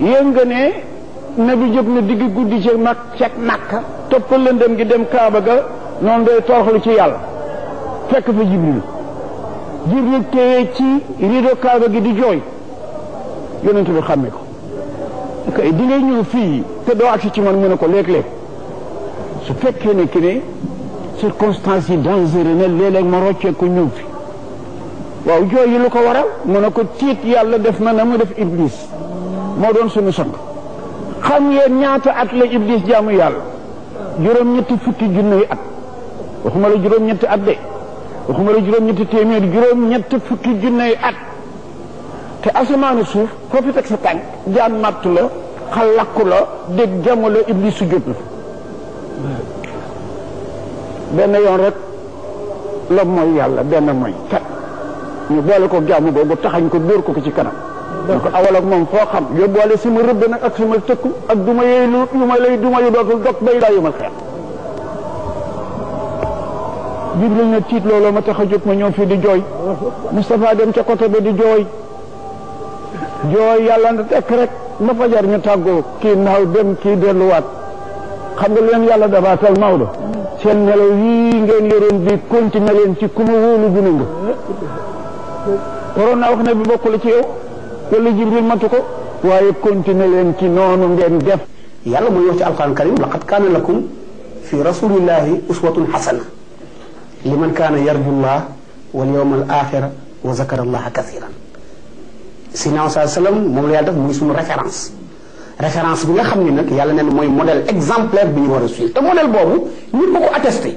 yéen nga ne bi jóg na digg guddi ci mag ceeg Makka topp lëndëm gi dem Kaaba ga noonu day toroxlu ci yàlla fekk fa Jibril Jibril téye ci rido Kaaba gi di jooy yonent bi xàmme ko kay di ngay fii te doo agsi ci man mu ne ko léeg-léeg su fekkee ne ki ne circonstances yi dangereux na léeg-léeg ma roccee ko ñëw fi waaw yi lu ko waral mu ne ko tiit yàlla def na na mu def iblis moo doon suñu sang xam ngeen ñaata at la iblis jaamu yàlla juróom-ñetti fukki junne yi at waxuma la juróom-ñetti at de waxuma la juróom-ñetti téeméer juróom-ñetti fukki junne yi at te asamaanu suuf foo sa tànk jaan matt la xalakku la dégg jamu la iblis su jot la benn yoon rek la mooy yàlla benn mooy ñu boole ko jaamu googu taxañ ko dóor ko ko ci kanam. dëgg ko awal ak moom foo xam yóbbuwaale su ma rëbb nag ak su ma tëkku ak du ma yee lu yu ma lay du yu dootul dog bay daa yumal xeex. Jibril tiit looloo ma tax a ma ñëw fii di jooy. Moustapha dem ca côté ba di jooy. jooy yàlla na tekk rek ba fajar ñu tàggoo kii naaw dem kii delluwaat xam nga leen yàlla dabaatal Maodo. Mm. seen nelaw yii ngeen yoroon di continuer leen ci ku ma wóolu gune nga waroon naa wax ne bi bokkul ci yow wala jibril matu ko waaye continuer leen ci noonu ngeen def yàlla mooy wax ci alquran karim laqad kaana lakum fi rasulillahi uswatun xasana liman kaana yarju llah wal yawm al axira wa zakara allaha kathiran sinaa saa sallam moom la yàlla def muy suñu référence référence bi nga xam ni nag yàlla neen mooy modèle exemplaire bi ñu war a suivre te modèle boobu ñun ko attesté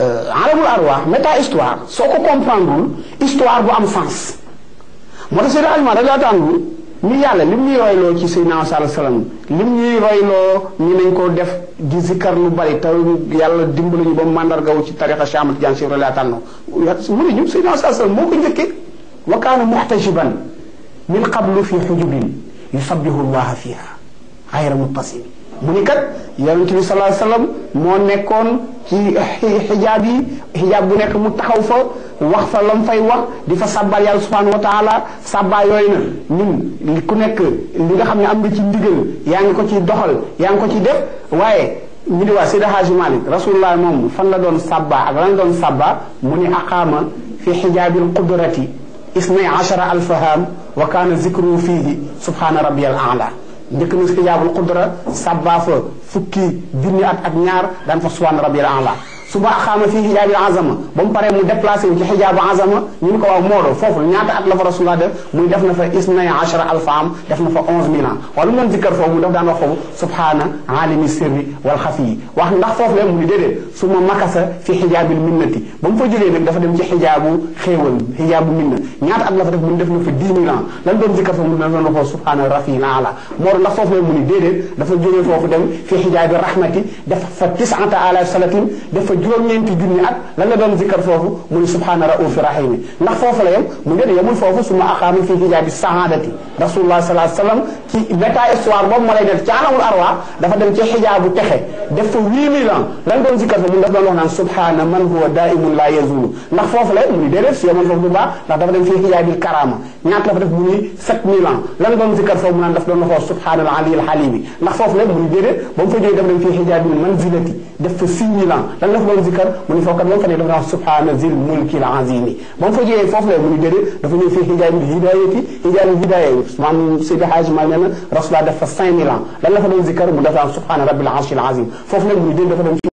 Euh, alamul arwaax méta histoire soo ko comprendre histoire bu am sens moo tax seen aliment rek laa tànn ni yàlla lim ñuy royloo ci Seydina Sall salaam lim ñuy royloo ñu nañ ko def di zikkar lu bari te yàlla dimbali ñu ba mandargawu ci tariqa Cheikh Ahmad Tidiane Chérif laa tànn mu ne ñu Seydina Sall salaam moo ko njëkkee wa kaana muxtajiban min qablu fi xujubin yusabbihu llaha fiha xayra muttasim mu ni kat yonent bi salaa salaam moo nekkoon ci xijaab yi xijaab bu nekk mu taxaw fa wax fa lam fay wax di fa sàbbal yàlla subhanahu wa taala sàbbaa yooyu na ñun ku nekk li nga xam ne am nga ci ndigal yaa ngi ko ci doxal yaa ngi ko ci def waaye ñu di waa Seydi Hadji Malick rasulullah moom fan la doon sàbbaa ak lan doon sàbbaa mu ni aqaama fi xijaabil qudrati isnay achara alfaham wa kaana zikru fihi subhana rabbi al ala njëkk na istijaabul xudra sàbbaa fa fukki junni at ak ñaar daan fa subhaana rabbil a'la suba xaama fii xijaabi azama bam pare mu déplacer wu ci xijaabu azama ñu ko wax modo fofu ñaata at la fa rasulullah def muy def na fa isna 10 alf am def na fa 11000 ans wala mu doon zikkar foofu daf daan wax fofu subhana alimi sirri wal khafi wax ndax fofu le mu ni dede suma makasa fi hijab al minnati bam fa jëlee nag dafa dem ci xijaabu xewal xijaabu minna ñaata at la fa def mu def na fa 10000 ans lan doon zikkar fofu mu na doon subhana rafi ala Moodo ndax fofu le mu ni dede dafa jógee fofu dem fi xijaabi rahmati dafa fa 9000 ans salatin dafa juróom-ñeenti junni at lan la doon zikkar foofu mu ne subhaana raufi rahimi ndax foofu la yem mu ne yemul foofu suma aqaama fii hijaabi sahaadati rasulullah salaa sallam ci béta histoire boobu ma lay def ci anamul arwa dafa dem ci xijaabu texe def fa huit mille ans lan doon zikkar foofu mu daf doon wax naan subhaana man huwa daimun la yazulu ndax foofu la yem mu ni déedéet si yemoon foofu bu baax ndax dafa dem fii hijaabil karaama ñaata la fa def mu ni sept mille ans lan doon zikkar foofu mu naan daf doon waxoo subhaana al aliyil xalimi ndax foofu la yem mu ni déedéet ba mu fa jógee dafa dem fii hijaabil manzilati def fa six mille ans akbar zikar mu ni fookat moom fa ne dafa subhana zil mulki l azimi ba mu fa jógee foofu la mu ni déedéet dafa ñëw fii hijaabul hidayati hijaabul hidaya maam Seydi Hajj Maalik nee na rasulullah def fa 5000 ans lan la fa doon zikar mu def subhana rabbil arshil azim foofu la mu ni déedéet dafa dem